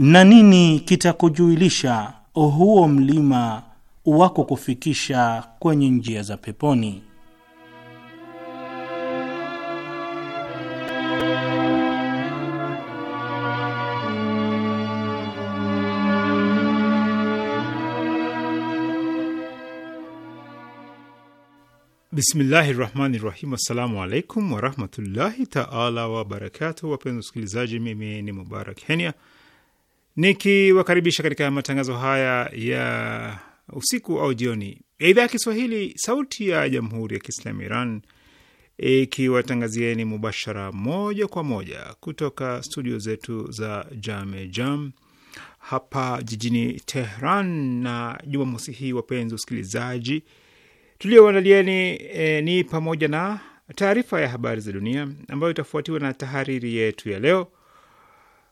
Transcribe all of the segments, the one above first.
na nini kitakujuilisha huo mlima wako kufikisha kwenye njia za peponi? Bismillahi rahmani rahim. Assalamu alaikum warahmatullahi taala wabarakatuh. Wapenzi wasikilizaji, mimi ni Mubarak Henia nikiwakaribisha katika matangazo haya ya usiku au jioni ya idhaa ya Kiswahili sauti ya jamhuri ya Kiislamu Iran ikiwatangazieni mubashara moja kwa moja kutoka studio zetu za Jame Jam hapa jijini Tehran. Na Jumamosi hii, wapenzi usikilizaji tulioandalieni e, eh, ni pamoja na taarifa ya habari za dunia ambayo itafuatiwa na tahariri yetu ya leo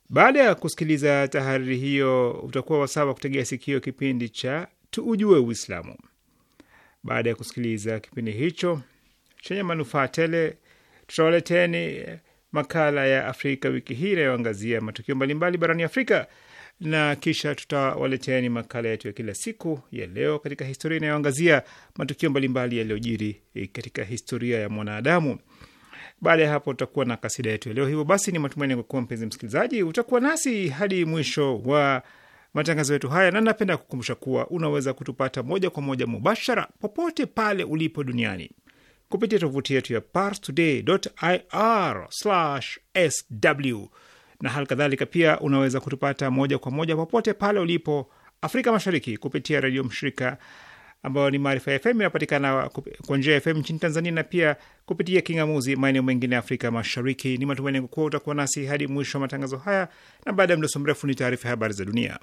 baada ya kusikiliza tahariri hiyo, utakuwa wasawa kutegea sikio kipindi cha tuujue Uislamu. Baada ya kusikiliza kipindi hicho chenye manufaa tele, tutawaleteni makala ya Afrika wiki hii inayoangazia matukio mbalimbali barani Afrika, na kisha tutawaleteni makala yetu ya kila siku ya leo katika historia inayoangazia matukio mbalimbali yaliyojiri katika historia ya mwanadamu. Baada ya hapo utakuwa na kasida yetu leo. Hivyo basi, ni matumaini yangu kuwa mpenzi msikilizaji utakuwa nasi hadi mwisho wa matangazo yetu haya, na napenda kukumbusha kuwa unaweza kutupata moja kwa moja mubashara popote pale ulipo duniani kupitia tovuti yetu ya parstoday.ir/sw, na hali kadhalika pia unaweza kutupata moja kwa moja popote pale ulipo Afrika Mashariki kupitia redio mshirika ambayo ni Maarifa ya FM inapatikana kwa njia ya FM nchini Tanzania na pia kupitia kingamuzi maeneo mengine ya Afrika Mashariki. Ni matumaini yangu kuwa utakuwa nasi hadi mwisho wa matangazo haya, na baada ya mdoso mrefu ni taarifa ya habari za dunia.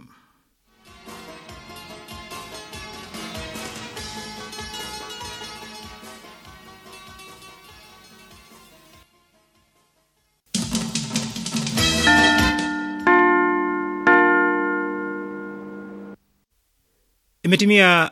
Imetimia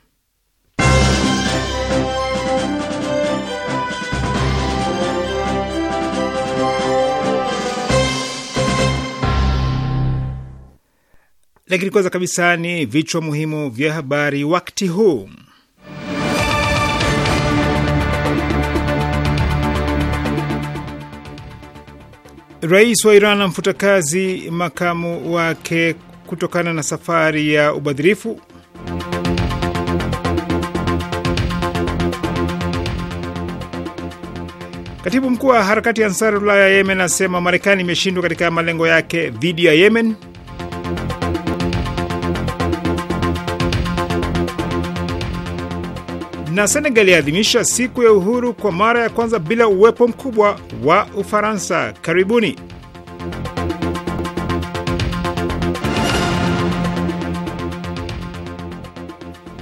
Lakini kwanza kabisa ni vichwa muhimu vya habari wakati huu. Rais wa Iran amfuta kazi makamu wake kutokana na safari ya ubadhirifu. Katibu mkuu wa harakati ya Ansarullah ya Yemen asema Marekani imeshindwa katika malengo yake dhidi ya Yemen. na Senegal yaadhimisha siku ya uhuru kwa mara ya kwanza bila uwepo mkubwa wa Ufaransa. Karibuni.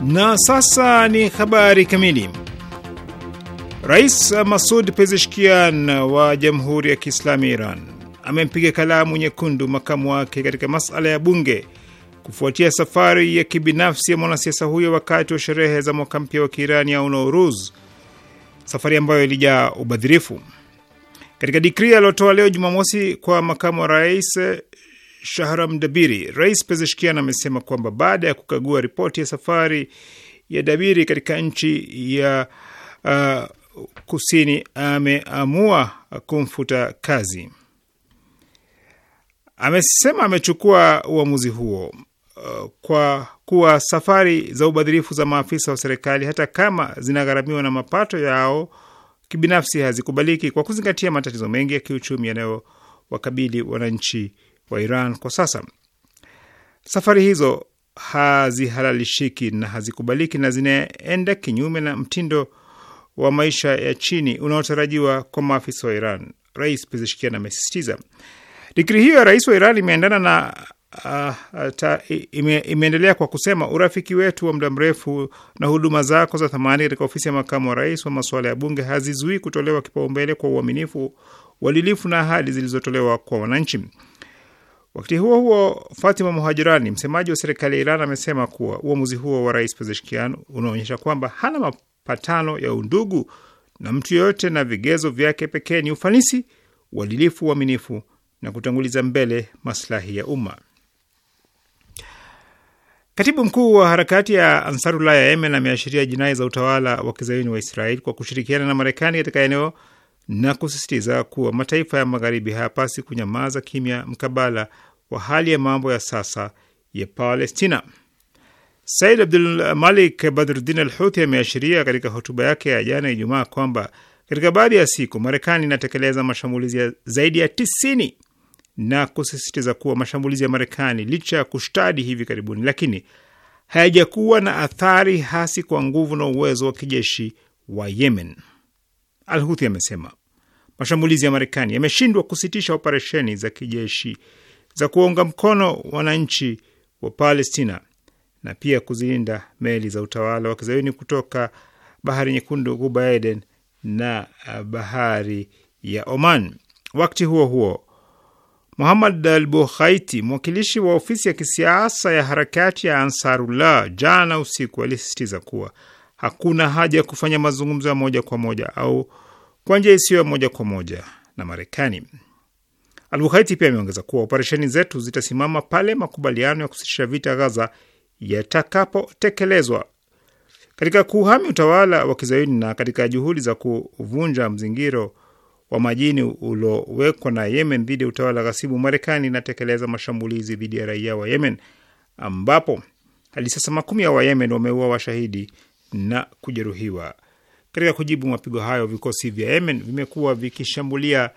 Na sasa ni habari kamili. Rais Masud Pezeshkian wa Jamhuri ya Kiislamu ya Iran amempiga kalamu nyekundu makamu wake katika masala ya bunge kufuatia safari ya kibinafsi ya mwanasiasa huyo wakati wa sherehe za mwaka mpya wa Kiirani au Nowruz, safari ambayo ilijaa ubadhirifu. Katika dikri aliotoa leo Jumamosi kwa makamu wa rais eh, Shahram Dabiri, Rais Pezeshkian amesema kwamba baada ya kukagua ripoti ya safari ya Dabiri katika nchi ya uh, kusini ameamua kumfuta kazi. Amesema amechukua uamuzi huo kwa kuwa safari za ubadhirifu za maafisa wa serikali hata kama zinagharamiwa na mapato yao kibinafsi hazikubaliki kwa kuzingatia matatizo mengi ya kiuchumi yanayowakabili wananchi wa Iran kwa sasa. Safari hizo hazihalalishiki na hazikubaliki na zinaenda kinyume na mtindo wa maisha ya chini unaotarajiwa kwa maafisa wa Iran, Rais Pezeshkian amesisitiza. Dikri hiyo ya rais wa Iran imeendana na Uh, ime, imeendelea kwa kusema urafiki wetu wa muda mrefu na huduma zako za thamani katika ofisi ya makamu wa rais wa masuala ya bunge hazizuii kutolewa kipaumbele kwa uaminifu, uadilifu na ahadi zilizotolewa kwa wananchi. Wakati huo huo, Fatima Muhajirani, msemaji wa serikali ya Iran, amesema kuwa uamuzi huo wa rais Pezeshkian unaonyesha kwamba hana mapatano ya undugu na mtu yoyote na vigezo vyake pekee ni ufanisi, uadilifu, uaminifu na kutanguliza mbele maslahi ya umma. Katibu mkuu wa harakati ya Ansarullah ya Yemen ameashiria jinai za utawala wa kizayuni wa Israel kwa kushirikiana na Marekani katika eneo na kusisitiza kuwa mataifa ya magharibi hayapasi kunyamaza kimya mkabala wa hali ya mambo ya sasa ya Palestina. Said Abdul Malik Badruddin al Huthi ameashiria katika hotuba yake ya jana Ijumaa kwamba katika baadhi ya siku Marekani inatekeleza mashambulizi zaidi ya tisini na kusisitiza kuwa mashambulizi ya Marekani licha ya kushtadi hivi karibuni, lakini hayajakuwa na athari hasi kwa nguvu na uwezo wa kijeshi wa Yemen. Alhuthi amesema mashambulizi ya Marekani yameshindwa kusitisha operesheni za kijeshi za kuwaunga mkono wananchi wa Palestina na pia kuzilinda meli za utawala wa kizayuni kutoka bahari nyekundu, ghuba Eden na eh, bahari ya Oman. Wakati huo huo, Muhamad al Bukhaiti, mwakilishi wa ofisi ya kisiasa ya harakati ya Ansarullah, jana usiku alisisitiza kuwa hakuna haja ya kufanya mazungumzo ya moja kwa moja au kwa njia isiyo ya moja kwa moja na Marekani. Albukhaiti pia ameongeza kuwa operesheni zetu zitasimama pale makubaliano ya kusitisha vita Gaza yatakapotekelezwa. Katika kuhami utawala wa kizayuni na katika juhudi za kuvunja mzingiro wa majini uliowekwa na Yemen dhidi ya utawala ghasibu, Marekani inatekeleza mashambulizi dhidi ya raia wa Yemen, ambapo hadi sasa makumi ya Wayemen wameua washahidi na kujeruhiwa. Katika kujibu mapigo hayo, vikosi vya Yemen vimekuwa vikishambulia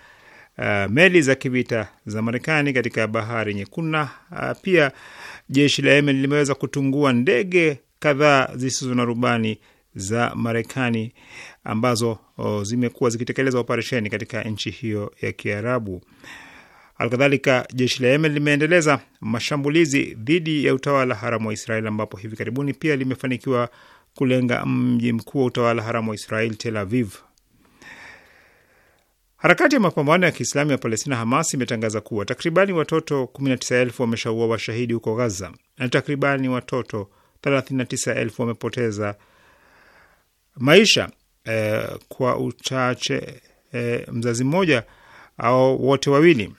uh, meli za kivita za Marekani katika bahari Nyekundu na uh, pia jeshi la Yemen limeweza kutungua ndege kadhaa zisizo na rubani za Marekani ambazo zimekuwa zikitekeleza operesheni katika nchi hiyo ya Kiarabu. Alkadhalika, jeshi la Yemen limeendeleza mashambulizi dhidi ya utawala haramu wa Israel ambapo hivi karibuni pia limefanikiwa kulenga mji mkuu wa utawala haramu wa Israeli, Tel Aviv. Harakati ya mapambano ya Kiislamu ya Palestina, Hamas, imetangaza kuwa takribani watoto 19,000 wameshauawa washahidi huko Gaza na takribani watoto 39,000 wamepoteza maisha e, kwa uchache e, mzazi mmoja au wote wawili.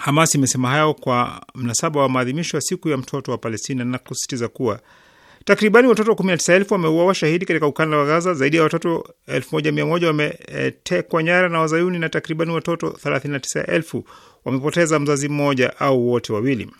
Hamas imesema hayo kwa mnasaba wa maadhimisho ya siku ya mtoto wa Palestina na kusisitiza kuwa takribani watoto 19,000 wameuawa shahidi katika ukanda wa Gaza, zaidi ya watoto 1100 wametekwa nyara na Wazayuni na takribani watoto 39,000 wamepoteza mzazi mmoja au wote wawili.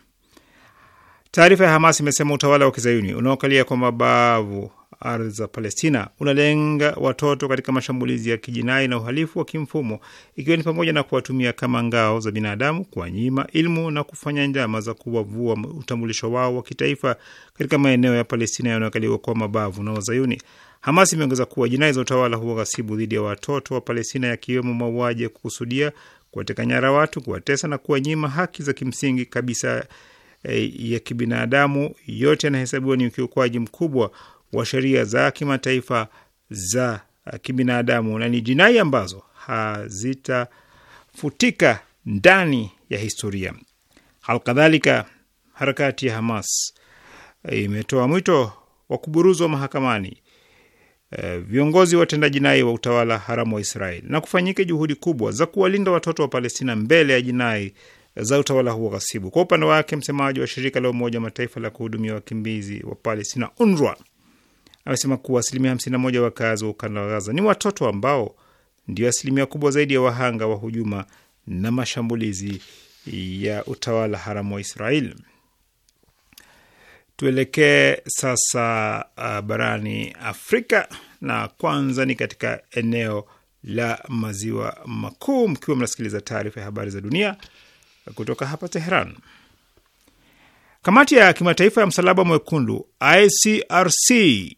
Taarifa ya Hamas imesema utawala wa kizayuni unaokalia kwa mabavu ardhi za Palestina unalenga watoto katika mashambulizi ya kijinai na uhalifu wa kimfumo, ikiwa ni pamoja na kuwatumia kama ngao za binadamu, kuwanyima ilmu na kufanya njama za kuwavua utambulisho wao wa kitaifa katika maeneo ya Palestina yanayokaliwa kwa mabavu na Wazayuni. Hamas imeongeza kuwa jinai za utawala huo ghasibu dhidi ya watoto wa Palestina, yakiwemo mauaji ya kukusudia, kuwateka nyara watu, kuwatesa na kuwanyima haki za kimsingi kabisa eh, ya kibinadamu, yote yanahesabiwa ni ukiukwaji mkubwa wa sheria za kimataifa za uh, kibinadamu na ni jinai ambazo hazitafutika ndani ya historia. Alkadhalika, harakati ya Hamas uh, imetoa mwito wa kuburuzwa mahakamani uh, viongozi watenda jinai wa utawala haramu wa israel na kufanyike juhudi kubwa za kuwalinda watoto wa Palestina mbele ya jinai za utawala huo ghasibu. Kwa upande wake, msemaji wa shirika la Umoja wa Mataifa la kuhudumia wakimbizi wa Palestina, UNRWA, amesema kuwa asilimia 51 wakazi wa ukanda wa Gaza ni watoto ambao ndio asilimia kubwa zaidi ya wahanga wa hujuma na mashambulizi ya utawala haramu wa Israel. Tuelekee sasa uh, barani Afrika na kwanza ni katika eneo la maziwa makuu, mkiwa mnasikiliza taarifa ya habari za dunia kutoka hapa Teheran. Kamati ya kimataifa ya msalaba mwekundu ICRC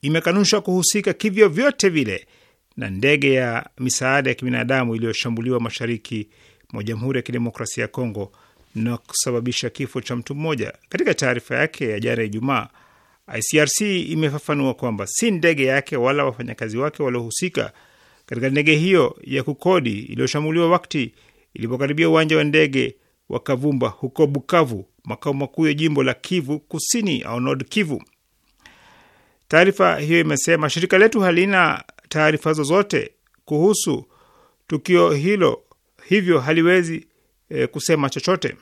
imekanusha kuhusika kivyo vyote vile na ndege ya misaada ya kibinadamu iliyoshambuliwa mashariki mwa Jamhuri ya Kidemokrasia ya Kongo na kusababisha kifo cha mtu mmoja. Katika taarifa yake ya jana Ijumaa, ICRC imefafanua kwamba si ndege yake wala wafanyakazi wake waliohusika katika ndege hiyo ya kukodi iliyoshambuliwa wakati ilipokaribia uwanja wa ndege wa Kavumba huko Bukavu, makao makuu ya jimbo la Kivu Kusini au Nord Kivu. Taarifa hiyo imesema shirika letu halina taarifa zozote kuhusu tukio hilo, hivyo haliwezi e, kusema chochote.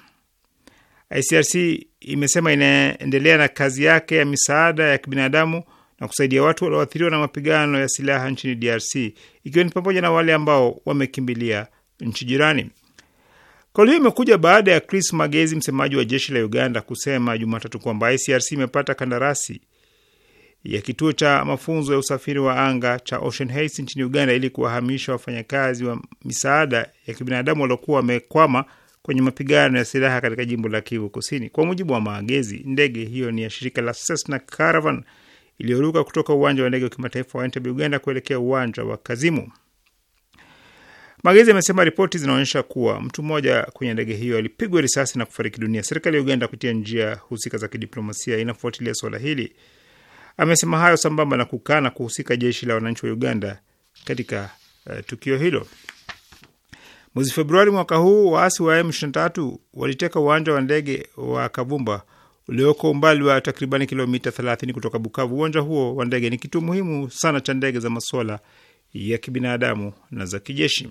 ICRC imesema inaendelea na kazi yake ya misaada ya kibinadamu na kusaidia watu walioathiriwa na mapigano ya silaha nchini DRC, ikiwa ni pamoja na wale ambao wamekimbilia nchi jirani. Kauli hiyo imekuja baada ya Chris Magezi, msemaji wa jeshi la Uganda, kusema Jumatatu kwamba ICRC imepata kandarasi ya kituo cha mafunzo ya usafiri wa anga cha Ocean Heights nchini Uganda ili kuwahamisha wafanyakazi wa misaada ya kibinadamu waliokuwa wamekwama kwenye mapigano ya silaha katika jimbo la Kivu Kusini. Kwa mujibu wa Maagezi, ndege hiyo ni ya shirika la Cessna Caravan iliyoruka kutoka uwanja wa ndege wa kimataifa wa Entebbe, Uganda kuelekea uwanja wa Kazimu. Magezi amesema ripoti zinaonyesha kuwa mtu mmoja kwenye ndege hiyo alipigwa risasi na kufariki dunia. Serikali ya Uganda kupitia njia husika za kidiplomasia inafuatilia suala hili. Amesema hayo sambamba na kukana kuhusika jeshi la wananchi wa Uganda katika uh, tukio hilo. Mwezi Februari mwaka huu waasi wa M23 waliteka uwanja wa ndege wa Kavumba ulioko umbali wa takribani kilomita 30 kutoka Bukavu. Uwanja huo wa ndege ni kituo muhimu sana cha ndege za masuala ya kibinadamu na za kijeshi.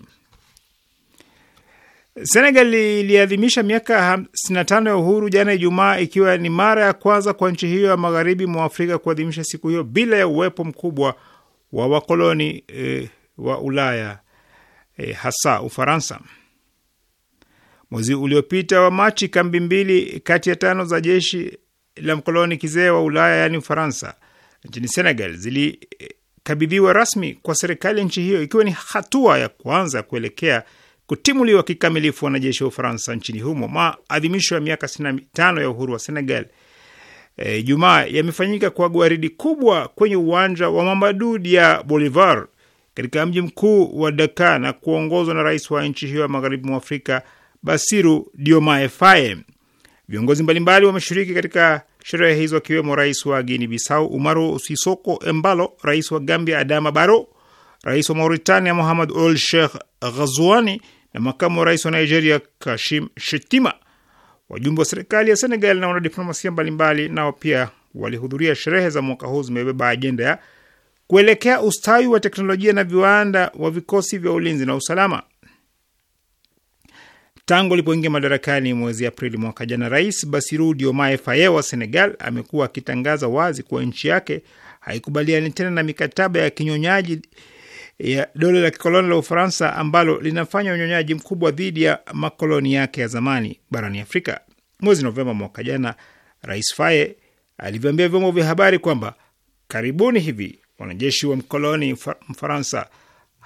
Senegal iliadhimisha miaka 55 ya uhuru jana Ijumaa, ikiwa ni mara ya kwanza kwa nchi hiyo ya magharibi mwa Afrika kuadhimisha siku hiyo bila ya uwepo mkubwa wa wakoloni e, wa Ulaya e, hasa Ufaransa. Mwezi uliopita wa Machi, kambi mbili kati ya tano za jeshi la mkoloni kizee wa Ulaya yaani Ufaransa nchini Senegal zili e, kabidhiwa rasmi kwa serikali ya nchi hiyo ikiwa ni hatua ya kwanza kuelekea kutimuliwa kikamilifu wanajeshi wa Ufaransa nchini humo. Maadhimisho ya miaka 65 ya uhuru wa Senegal e, Ijumaa e, yamefanyika kwa gwaridi kubwa kwenye uwanja wa Mamadudi ya Bolivar katika mji mkuu wa Dakar na kuongozwa na rais wa nchi hiyo ya magharibi mwa Afrika Basiru Diomaye Faye. Viongozi mbalimbali wameshiriki katika sherehe hizo akiwemo rais wa Guinea Bissau Umaru Sisoko Embalo, rais wa Gambia Adama Barrow, rais wa Mauritania muhammad Ould Sheikh Ghazouani na makamu wa rais wa Nigeria Kashim Shettima. Wajumbe wa serikali ya Senegal na wanadiplomasia mbalimbali nao pia walihudhuria. Sherehe za mwaka huu zimebeba ajenda ya kuelekea ustawi wa teknolojia na viwanda wa vikosi vya ulinzi na usalama. Tangu alipoingia madarakani mwezi Aprili mwaka jana, Rais Basiru Diomaye Faye wa Senegal amekuwa akitangaza wazi kuwa nchi yake haikubaliani tena na mikataba ya kinyonyaji ya dola la kikoloni la Ufaransa ambalo linafanya unyonyaji mkubwa dhidi ya makoloni yake ya zamani barani Afrika. Mwezi Novemba mwaka jana, Rais Faye alivyoambia vyombo vya habari kwamba karibuni hivi wanajeshi wa mkoloni Mfaransa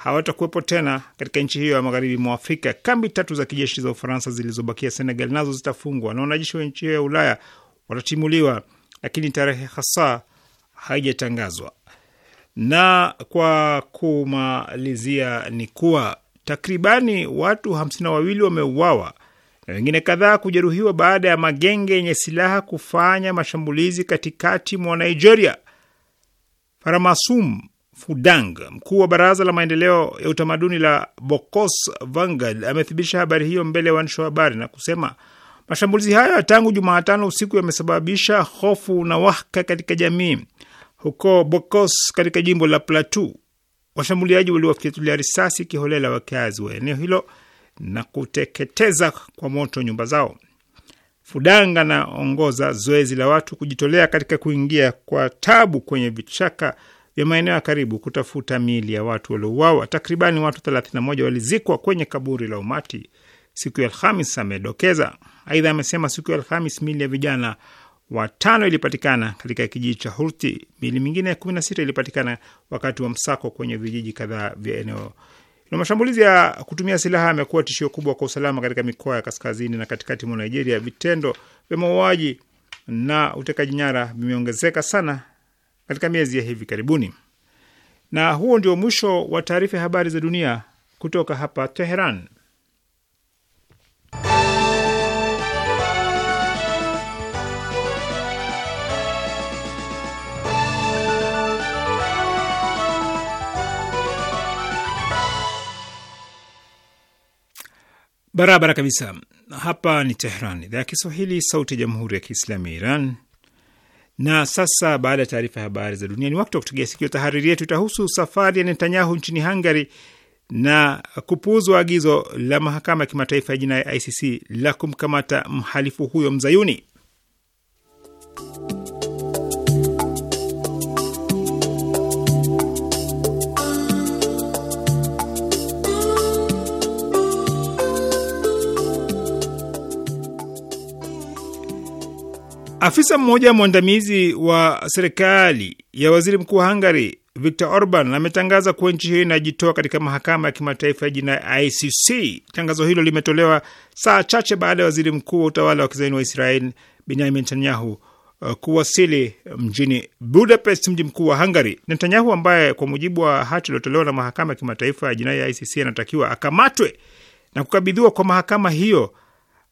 hawatakuwepo tena katika nchi hiyo ya magharibi mwa Afrika. Kambi tatu za kijeshi za Ufaransa zilizobakia Senegal nazo zitafungwa na wanajeshi wa nchi hiyo ya Ulaya watatimuliwa, lakini tarehe hasa haijatangazwa. Na kwa kumalizia, ni kuwa takribani watu hamsini na wawili wameuawa na wengine kadhaa kujeruhiwa baada ya magenge yenye silaha kufanya mashambulizi katikati mwa Nigeria. Faramasum Fudang, mkuu wa baraza la maendeleo ya utamaduni la Bokos Vanguard, amethibitisha habari hiyo mbele ya waandishi wa habari na kusema mashambulizi hayo tangu Jumatano usiku yamesababisha hofu na wahaka katika jamii huko Bokos katika jimbo la Plateau. Washambuliaji waliwafyatulia risasi kiholela wakazi wa eneo hilo na kuteketeza kwa moto nyumba zao. Fudanga anaongoza zoezi la watu kujitolea katika kuingia kwa tabu kwenye vichaka vya maeneo ya karibu kutafuta miili ya watu waliouawa. Takribani watu 31 walizikwa kwenye kaburi la umati siku ya Alhamis, amedokeza. Aidha amesema siku ya Alhamis miili ya vijana watano ilipatikana katika kijiji cha Hurti. Miili mingine ya 16 ilipatikana wakati wa msako kwenye vijiji kadhaa vya eneo na mashambulizi ya kutumia silaha yamekuwa tishio kubwa kwa usalama katika mikoa ya kaskazini na katikati mwa Nigeria. Vitendo vya mauaji na utekaji nyara vimeongezeka sana katika miezi ya hivi karibuni. Na huo ndio mwisho wa taarifa ya habari za dunia kutoka hapa Teheran. Barabara kabisa. Hapa ni Tehran, idhaa ya Kiswahili, sauti ya jamhuri ya kiislamu ya Iran na sasa baada ya taarifa ya habari za dunia, ni wakati wa kutegea sikio. Tahariri yetu itahusu safari ya Netanyahu nchini Hungary na kupuuzwa agizo la mahakama ya kimataifa ya jinai ICC la kumkamata mhalifu huyo mzayuni. Afisa mmoja mwandamizi wa serikali ya waziri mkuu wa Hungary Viktor Orban ametangaza kuwa nchi hiyo inajitoa katika mahakama ya kimataifa ya jinai ICC. Tangazo hilo limetolewa saa chache baada ya waziri mkuu wa utawala wa kizaini wa Israel Benyamin Netanyahu uh, kuwasili mjini Budapest, mji mkuu wa Hungary. Netanyahu ambaye kwa mujibu wa hati iliyotolewa na mahakama ya kimataifa ya jinai ya ICC anatakiwa akamatwe na kukabidhiwa kwa mahakama hiyo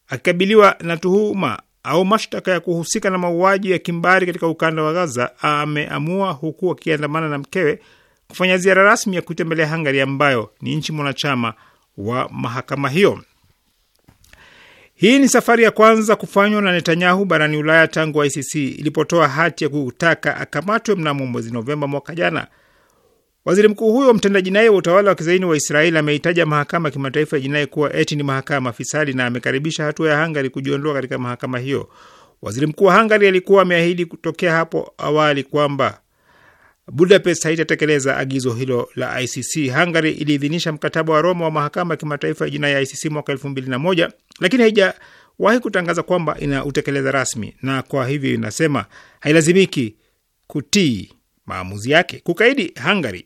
akikabiliwa na tuhuma au mashtaka ya kuhusika na mauaji ya kimbari katika ukanda wa Gaza ameamua huku akiandamana na mkewe kufanya ziara rasmi ya kutembelea Hungary ambayo ni nchi mwanachama wa mahakama hiyo. Hii ni safari ya kwanza kufanywa na Netanyahu barani Ulaya tangu ICC ilipotoa hati ya kutaka akamatwe mnamo mwezi Novemba mwaka jana. Waziri mkuu huyo mtendaji naye wa utawala wa kizaini wa Israeli ameitaja mahakama ya kimataifa ya jinai kuwa eti ni mahakama fisadi na amekaribisha hatua ya Hungary kujiondoa katika mahakama hiyo. Waziri mkuu wa Hungary alikuwa ameahidi kutokea hapo awali kwamba Budapest haitatekeleza agizo hilo la ICC. Hungary iliidhinisha mkataba wa Roma wa mahakama ya kimataifa ya jinai ya ICC mwaka elfu mbili na moja lakini haijawahi kutangaza kwamba inautekeleza rasmi, na kwa hivyo inasema hailazimiki kutii maamuzi yake. Kukaidi Hungary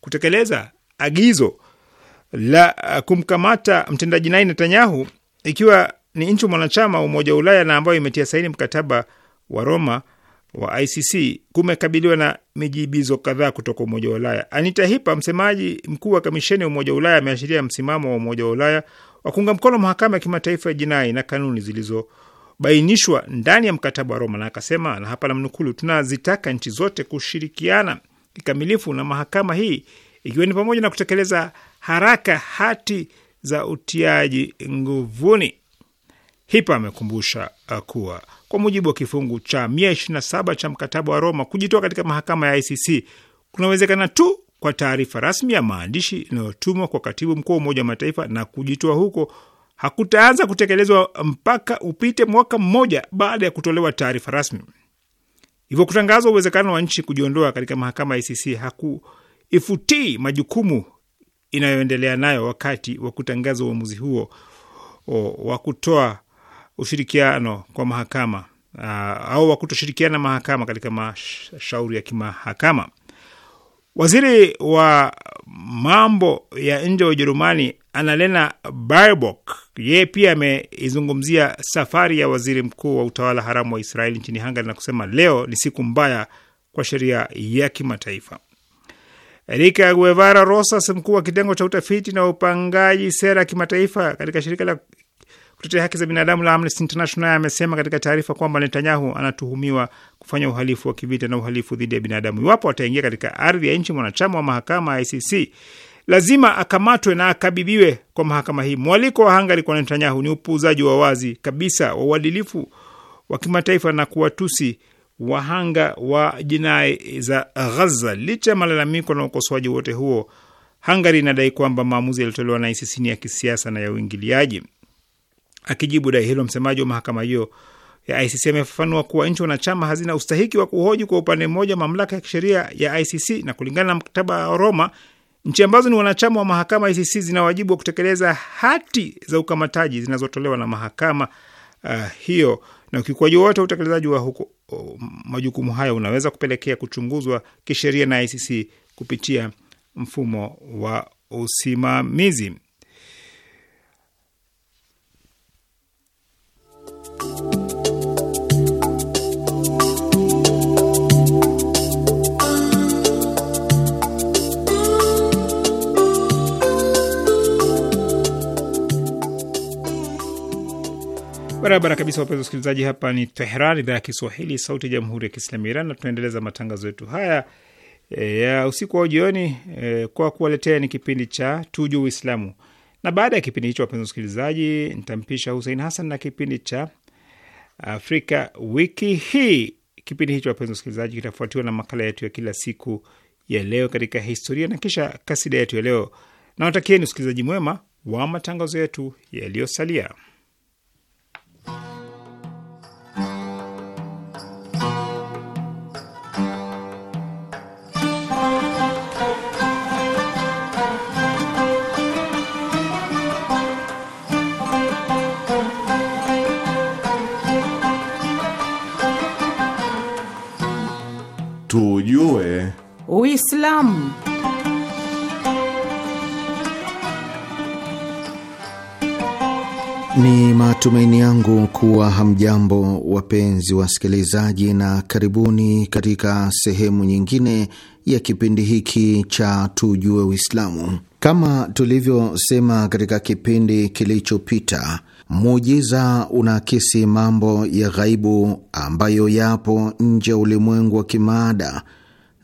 kutekeleza agizo la uh, kumkamata mtendaji jinai Netanyahu, ikiwa ni nchi mwanachama wa Umoja wa Ulaya na ambayo imetia saini mkataba wa Roma wa ICC kumekabiliwa na mijibizo kadhaa kutoka Umoja wa Ulaya. Anita Hipa, msemaji mkuu wa kamisheni ya Umoja wa Ulaya, ameashiria msimamo wa Umoja wa Ulaya wa kuunga mkono mahakama ya kimataifa ya jinai na kanuni zilizo bainishwa ndani ya mkataba wa Roma, na akasema, na hapa namnukulu tunazitaka nchi zote kushirikiana kikamilifu na mahakama hii, ikiwa ni pamoja na kutekeleza haraka hati za utiaji nguvuni. Hipa amekumbusha uh, kuwa kwa mujibu wa kifungu cha 127 cha mkataba wa Roma, kujitoa katika mahakama ya ICC kunawezekana tu kwa taarifa rasmi ya maandishi inayotumwa kwa katibu mkuu wa Umoja wa Mataifa, na kujitoa huko hakutaanza kutekelezwa mpaka upite mwaka mmoja baada ya kutolewa taarifa rasmi. Hivyo kutangazwa uwezekano wa nchi kujiondoa katika mahakama ya ICC hakuifutii majukumu inayoendelea nayo wakati wa kutangaza uamuzi huo wa kutoa ushirikiano kwa mahakama uh, au wa kutoshirikiana mahakama katika mashauri ya kimahakama. Waziri wa mambo ya nje wa Ujerumani Annalena Baerbock yeye pia ameizungumzia safari ya waziri mkuu wa utawala haramu wa Israeli nchini Hungary na kusema leo ni siku mbaya kwa sheria ya kimataifa. Erika Guevara Rosas, mkuu wa kitengo cha utafiti na upangaji sera kimataifa katika shirika la kutetea haki za binadamu la Amnesty International amesema katika taarifa kwamba Netanyahu anatuhumiwa kufanya uhalifu wa kivita na uhalifu dhidi ya binadamu. Iwapo ataingia katika ardhi ya nchi mwanachama wa mahakama ya ICC, lazima akamatwe na akabibiwe kwa mahakama hii. Mwaliko wa Hungary kwa Netanyahu ni upuuzaji wa wazi kabisa wa uadilifu wa kimataifa na kuwatusi wahanga wa jinai za Ghaza. Licha ya malalamiko na ukosoaji wote huo, Hungary inadai kwamba maamuzi yaliyotolewa na ICC ni ya kisiasa na ya uingiliaji. Akijibu dai hilo, msemaji wa mahakama hiyo ya ICC amefafanua kuwa nchi wanachama hazina ustahiki wa kuhoji kwa upande mmoja mamlaka ya kisheria ya ICC, na kulingana na mkataba wa Roma, nchi ambazo ni wanachama wa mahakama ICC zina wajibu wa kutekeleza hati za ukamataji zinazotolewa na mahakama uh, hiyo, na ukiukwaji wowote wa utekelezaji wa huko, uh, majukumu hayo unaweza kupelekea kuchunguzwa kisheria na ICC kupitia mfumo wa usimamizi. Barabara kabisa, wapenzi wasikilizaji, hapa ni Tehran, idhaa ya Kiswahili, sauti ya jamhuri ya kiislamu ya Iran, na tunaendeleza matangazo yetu haya e, ya e, usiku wa jioni e, kwa kuwaletea ni kipindi cha Tuju Uislamu, na baada ya kipindi hicho, wapenzi wasikilizaji, nitampisha Husein Hasan na kipindi cha Afrika wiki hii. Kipindi hicho, wapenzi wasikilizaji, kitafuatiwa na makala yetu ya kila siku ya leo katika historia na kisha kasida yetu ya leo, na watakieni usikilizaji mwema wa matangazo yetu yaliyosalia. tujue Uislamu. Ni matumaini yangu kuwa hamjambo wapenzi wasikilizaji, na karibuni katika sehemu nyingine ya kipindi hiki cha tujue Uislamu. Kama tulivyosema katika kipindi kilichopita, muujiza unaakisi mambo ya ghaibu ambayo yapo nje ya ulimwengu wa kimaada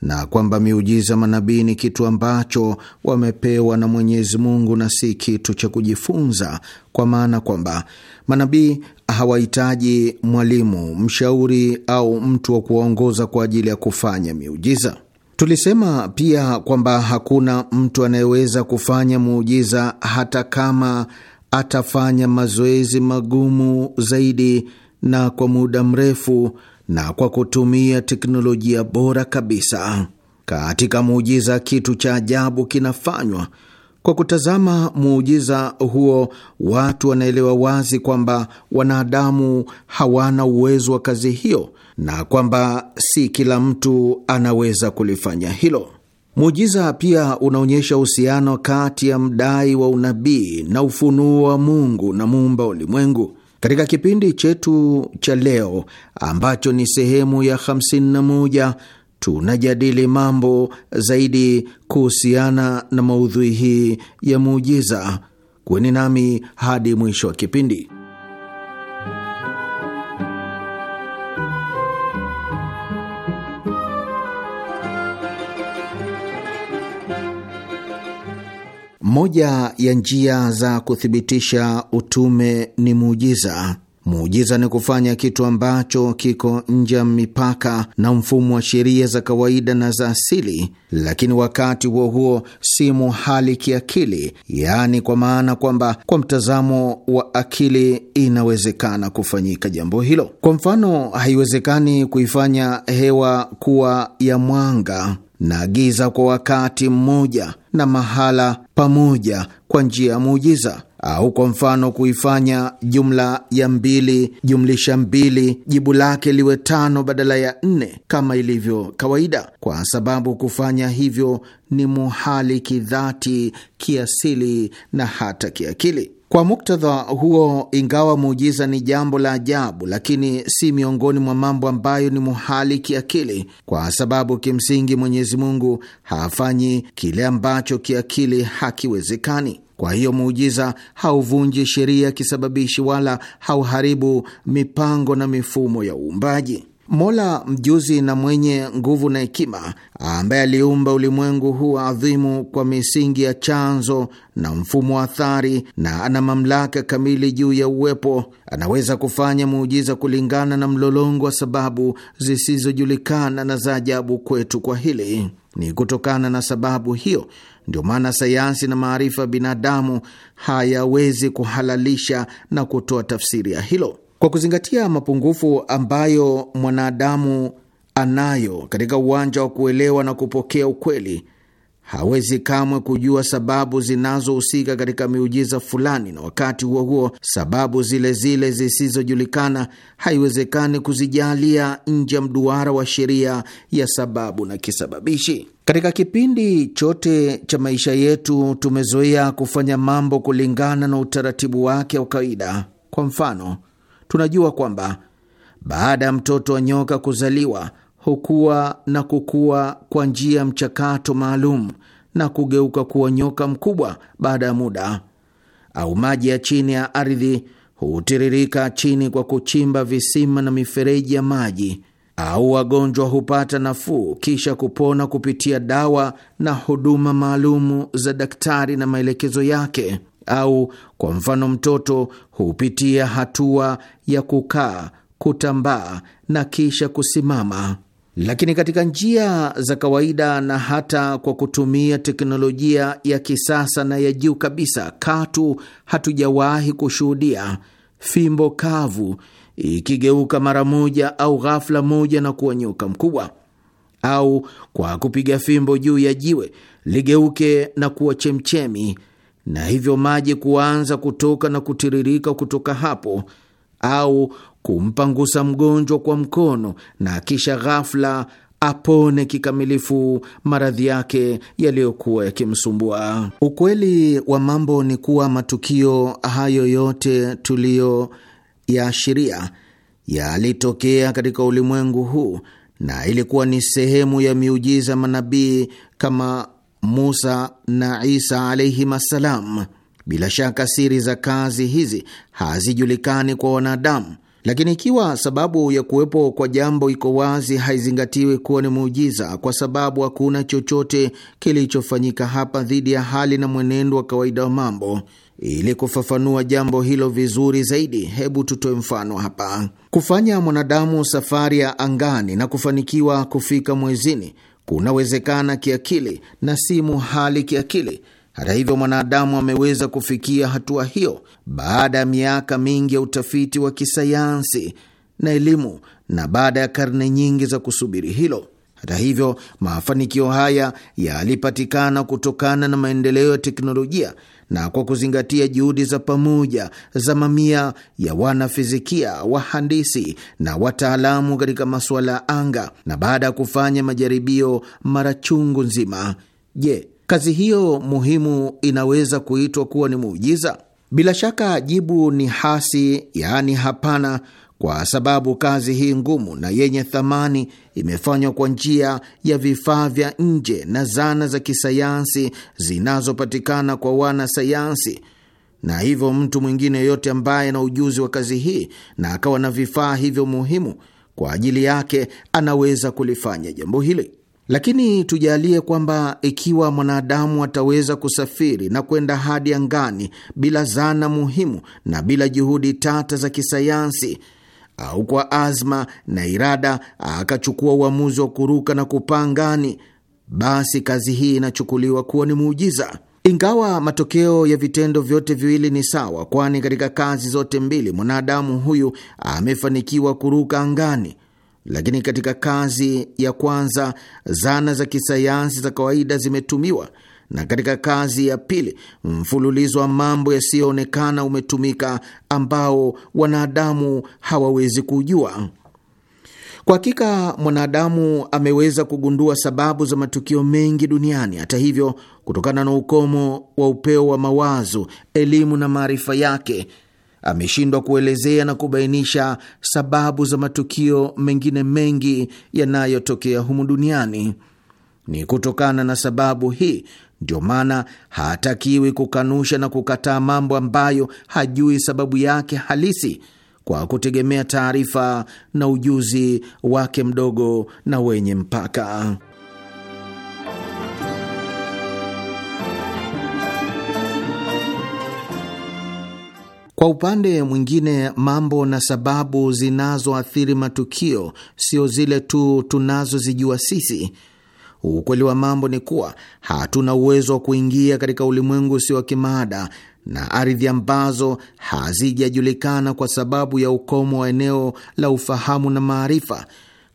na kwamba miujiza manabii ni kitu ambacho wamepewa na Mwenyezi Mungu na si kitu cha kujifunza, kwa maana kwamba manabii hawahitaji mwalimu, mshauri au mtu wa kuwaongoza kwa ajili ya kufanya miujiza. Tulisema pia kwamba hakuna mtu anayeweza kufanya muujiza hata kama atafanya mazoezi magumu zaidi na kwa muda mrefu na kwa kutumia teknolojia bora kabisa. Katika muujiza, kitu cha ajabu kinafanywa. Kwa kutazama muujiza huo, watu wanaelewa wazi kwamba wanadamu hawana uwezo wa kazi hiyo na kwamba si kila mtu anaweza kulifanya hilo. Muujiza pia unaonyesha uhusiano kati ya mdai wa unabii na ufunuo wa Mungu na muumba ulimwengu. Katika kipindi chetu cha leo ambacho ni sehemu ya 51 tunajadili mambo zaidi kuhusiana na maudhui hii ya muujiza. Kuweni nami hadi mwisho wa kipindi. Moja ya njia za kuthibitisha utume ni muujiza. Muujiza ni kufanya kitu ambacho kiko nje ya mipaka na mfumo wa sheria za kawaida na za asili, lakini wakati huo huo si muhali kiakili, yaani kwa maana kwamba kwa mtazamo wa akili inawezekana kufanyika jambo hilo. Kwa mfano, haiwezekani kuifanya hewa kuwa ya mwanga na giza kwa wakati mmoja na mahala pamoja kwa njia ya muujiza au kwa mfano kuifanya jumla ya mbili jumlisha mbili jibu lake liwe tano badala ya nne kama ilivyo kawaida, kwa sababu kufanya hivyo ni muhali kidhati, kiasili na hata kiakili. Kwa muktadha huo, ingawa muujiza ni jambo la ajabu, lakini si miongoni mwa mambo ambayo ni muhali kiakili, kwa sababu kimsingi Mwenyezi Mungu hafanyi kile ambacho kiakili hakiwezekani. Kwa hiyo muujiza hauvunji sheria kisababishi wala hauharibu mipango na mifumo ya uumbaji. Mola mjuzi na mwenye nguvu na hekima, ambaye aliumba ulimwengu huu adhimu kwa misingi ya chanzo na mfumo wa athari, na ana mamlaka kamili juu ya uwepo, anaweza kufanya muujiza kulingana na mlolongo wa sababu zisizojulikana na za ajabu kwetu kwa hili. Ni kutokana na sababu hiyo ndio maana sayansi na maarifa ya binadamu hayawezi kuhalalisha na kutoa tafsiri ya hilo. Kwa kuzingatia mapungufu ambayo mwanadamu anayo katika uwanja wa kuelewa na kupokea ukweli, hawezi kamwe kujua sababu zinazohusika katika miujiza fulani, na wakati huo huo sababu zile zile zisizojulikana haiwezekani kuzijalia nje ya mduara wa sheria ya sababu na kisababishi. Katika kipindi chote cha maisha yetu tumezoea kufanya mambo kulingana na utaratibu wake wa kawaida. Kwa mfano tunajua kwamba baada ya mtoto wa nyoka kuzaliwa hukua na kukua kwa njia ya mchakato maalum na kugeuka kuwa nyoka mkubwa baada ya muda, au maji ya chini ya ardhi hutiririka chini kwa kuchimba visima na mifereji ya maji, au wagonjwa hupata nafuu kisha kupona kupitia dawa na huduma maalumu za daktari na maelekezo yake au kwa mfano mtoto hupitia hatua ya kukaa, kutambaa na kisha kusimama. Lakini katika njia za kawaida na hata kwa kutumia teknolojia ya kisasa na ya juu kabisa, katu hatujawahi kushuhudia fimbo kavu ikigeuka mara moja au ghafla moja na kuwa nyoka mkubwa, au kwa kupiga fimbo juu ya jiwe ligeuke na kuwa chemchemi na hivyo maji kuanza kutoka na kutiririka kutoka hapo, au kumpangusa mgonjwa kwa mkono na kisha ghafla apone kikamilifu maradhi yake yaliyokuwa yakimsumbua. Ukweli wa mambo ni kuwa matukio hayo yote tuliyoyaashiria yalitokea katika ulimwengu huu na ilikuwa ni sehemu ya miujiza manabii kama Musa na Isa alaihim assalam. Bila shaka siri za kazi hizi hazijulikani kwa wanadamu, lakini ikiwa sababu ya kuwepo kwa jambo iko wazi, haizingatiwi kuwa ni muujiza, kwa sababu hakuna chochote kilichofanyika hapa dhidi ya hali na mwenendo wa kawaida wa mambo. Ili kufafanua jambo hilo vizuri zaidi, hebu tutoe mfano hapa. Kufanya mwanadamu safari ya angani na kufanikiwa kufika mwezini kunawezekana kiakili na si muhali kiakili. Hata hivyo, mwanadamu ameweza kufikia hatua hiyo baada ya miaka mingi ya utafiti wa kisayansi na elimu na baada ya karne nyingi za kusubiri hilo. Hata hivyo, mafanikio haya yalipatikana kutokana na maendeleo ya teknolojia na kwa kuzingatia juhudi za pamoja za mamia ya wanafizikia, wahandisi na wataalamu katika masuala ya anga, na baada ya kufanya majaribio mara chungu nzima. Je, kazi hiyo muhimu inaweza kuitwa kuwa ni muujiza? Bila shaka jibu ni hasi, yaani hapana, kwa sababu kazi hii ngumu na yenye thamani imefanywa kwa njia ya vifaa vya nje na zana za kisayansi zinazopatikana kwa wanasayansi, na hivyo mtu mwingine yoyote ambaye ana ujuzi wa kazi hii na akawa na vifaa hivyo muhimu kwa ajili yake anaweza kulifanya jambo hili. Lakini tujalie kwamba ikiwa mwanadamu ataweza kusafiri na kwenda hadi angani bila zana muhimu na bila juhudi tata za kisayansi, au kwa azma na irada akachukua uamuzi wa kuruka na kupaa angani, basi kazi hii inachukuliwa kuwa ni muujiza, ingawa matokeo ya vitendo vyote viwili ni sawa, kwani katika kazi zote mbili mwanadamu huyu amefanikiwa kuruka angani. Lakini katika kazi ya kwanza, zana za kisayansi za kawaida zimetumiwa na katika kazi ya pili mfululizo wa mambo yasiyoonekana umetumika ambao wanadamu hawawezi kujua. Kwa hakika mwanadamu ameweza kugundua sababu za matukio mengi duniani. Hata hivyo, kutokana na ukomo wa upeo wa mawazo, elimu na maarifa yake, ameshindwa kuelezea na kubainisha sababu za matukio mengine mengi yanayotokea humu duniani. Ni kutokana na sababu hii ndio maana hatakiwi kukanusha na kukataa mambo ambayo hajui sababu yake halisi kwa kutegemea taarifa na ujuzi wake mdogo na wenye mpaka. Kwa upande mwingine, mambo na sababu zinazoathiri matukio sio zile tu tunazozijua sisi Ukweli wa mambo ni kuwa hatuna uwezo wa kuingia katika ulimwengu usio wa kimaada na ardhi ambazo hazijajulikana kwa sababu ya ukomo wa eneo la ufahamu na maarifa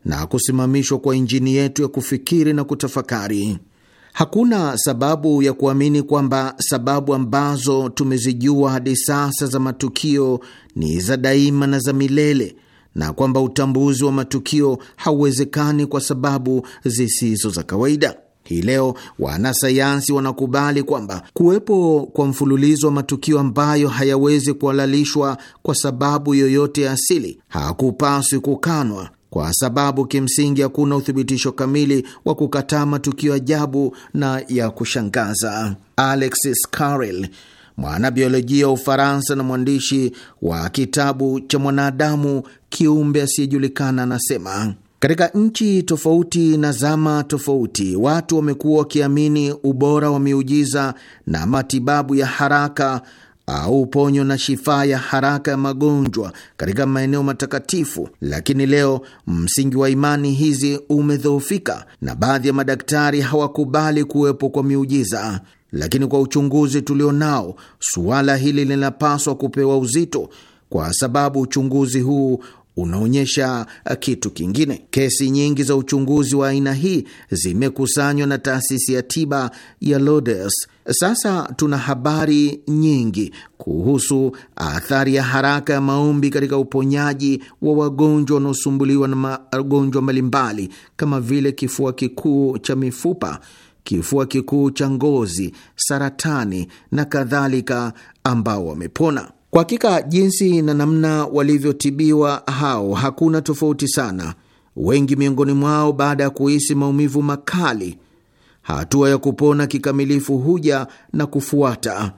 na kusimamishwa kwa injini yetu ya kufikiri na kutafakari. Hakuna sababu ya kuamini kwamba sababu ambazo tumezijua hadi sasa za matukio ni za daima na za milele na kwamba utambuzi wa matukio hauwezekani kwa sababu zisizo za kawaida. Hii leo wanasayansi wanakubali kwamba kuwepo kwa mfululizo wa matukio ambayo hayawezi kuhalalishwa kwa sababu yoyote ya asili hakupaswi kukanwa, kwa sababu kimsingi hakuna uthibitisho kamili wa kukataa matukio ajabu na ya kushangaza. Alexis Carrel mwanabiolojia wa Ufaransa na mwandishi wa kitabu cha mwanadamu kiumbe asiyejulikana, anasema katika nchi tofauti na zama tofauti, watu wamekuwa wakiamini ubora wa miujiza na matibabu ya haraka au ponyo na shifaa ya haraka ya magonjwa katika maeneo matakatifu. Lakini leo msingi wa imani hizi umedhoofika na baadhi ya madaktari hawakubali kuwepo kwa miujiza lakini kwa uchunguzi tulio nao suala hili linapaswa kupewa uzito, kwa sababu uchunguzi huu unaonyesha uh, kitu kingine. Kesi nyingi za uchunguzi wa aina hii zimekusanywa na taasisi ya tiba ya Lodes. Sasa tuna habari nyingi kuhusu athari ya haraka ya maombi katika uponyaji wa wagonjwa wanaosumbuliwa na magonjwa mbalimbali kama vile kifua kikuu cha mifupa kifua kikuu cha ngozi, saratani na kadhalika, ambao wamepona. Kwa hakika jinsi na namna walivyotibiwa hao hakuna tofauti sana. Wengi miongoni mwao baada ya kuhisi maumivu makali, hatua ya kupona kikamilifu huja na kufuata.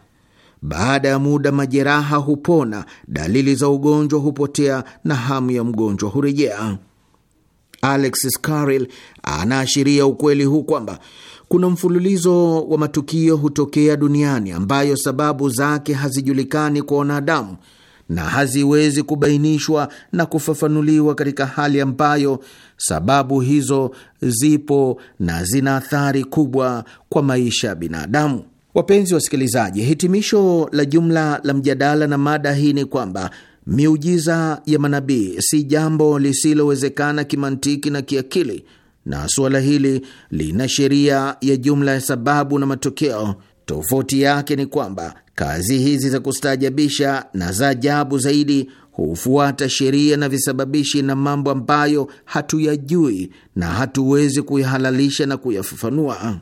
Baada ya muda, majeraha hupona, dalili za ugonjwa hupotea na hamu ya mgonjwa hurejea. Alexis Carrel anaashiria ukweli huu kwamba kuna mfululizo wa matukio hutokea duniani ambayo sababu zake hazijulikani kwa wanadamu na haziwezi kubainishwa na kufafanuliwa katika hali ambayo sababu hizo zipo na zina athari kubwa kwa maisha ya binadamu. Wapenzi wasikilizaji, hitimisho la jumla la mjadala na mada hii ni kwamba miujiza ya manabii si jambo lisilowezekana kimantiki na kiakili na suala hili lina sheria ya jumla ya sababu na matokeo. Tofauti yake ni kwamba kazi hizi za kustaajabisha na za ajabu zaidi hufuata sheria na visababishi na mambo ambayo hatuyajui na hatuwezi kuyahalalisha na kuyafafanua.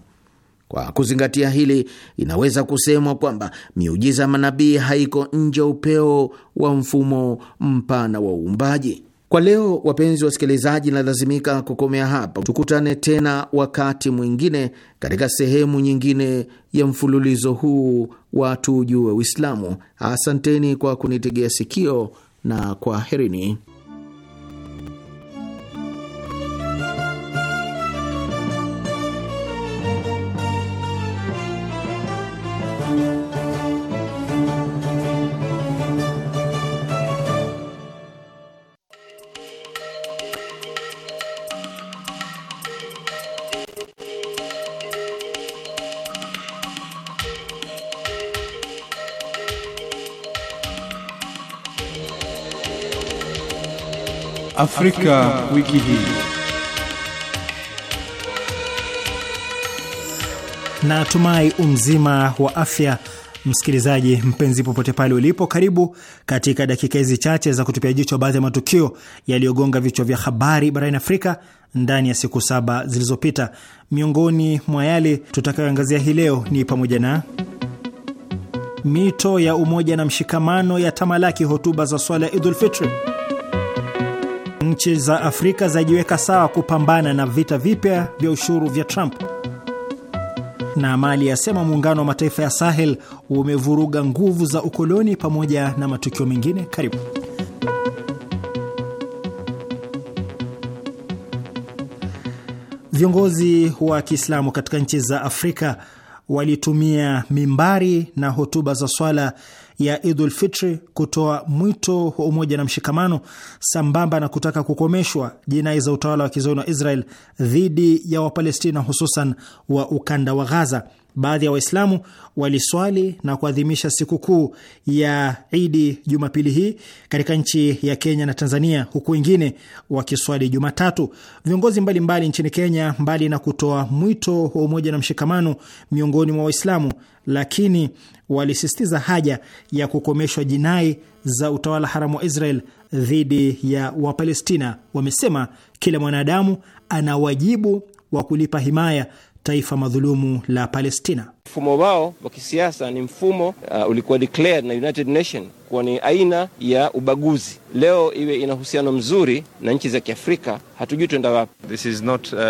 Kwa kuzingatia hili, inaweza kusemwa kwamba miujiza ya manabii haiko nje upeo wa mfumo mpana wa uumbaji. Kwa leo, wapenzi wasikilizaji, nalazimika kukomea hapa. Tukutane tena wakati mwingine katika sehemu nyingine ya mfululizo huu wa Tujue Uislamu. Asanteni kwa kunitegea sikio na kwaherini. Afrika wiki hii. Na tumai umzima wa afya msikilizaji mpenzi, popote pale ulipo, karibu katika dakika hizi chache za kutupia jicho baadhi ya matukio yaliyogonga vichwa vya habari barani Afrika ndani ya siku saba zilizopita. Miongoni mwa yale tutakayoangazia hii leo ni pamoja na mito ya umoja na mshikamano ya tamalaki hotuba za swala ya Idul Fitri nchi za Afrika zajiweka sawa kupambana na vita vipya vya ushuru vya Trump. Na Mali yasema muungano wa mataifa ya Sahel umevuruga nguvu za ukoloni, pamoja na matukio mengine. Karibu. Viongozi wa Kiislamu katika nchi za Afrika walitumia mimbari na hotuba za swala ya Idul Fitri kutoa mwito wa umoja na mshikamano sambamba na kutaka kukomeshwa jinai za utawala wa kizayuni wa Israel dhidi ya Wapalestina hususan wa ukanda wa Ghaza baadhi ya Waislamu waliswali na kuadhimisha sikukuu ya Idi Jumapili hii katika nchi ya Kenya na Tanzania, huku wengine wakiswali Jumatatu. Viongozi mbalimbali mbali nchini Kenya, mbali na kutoa mwito wa umoja na mshikamano miongoni mwa Waislamu, lakini walisisitiza haja ya kukomeshwa jinai za utawala haramu wa Israel dhidi ya Wapalestina. Wamesema kila mwanadamu ana wajibu wa kulipa himaya taifa madhulumu la Palestina. Mfumo wao wa kisiasa ni mfumo uh, ulikuwa declared na United Nation kuwa ni aina ya ubaguzi. Leo iwe ina uhusiano mzuri na nchi za Kiafrika, hatujui tuenda wapi. This is not uh, uh,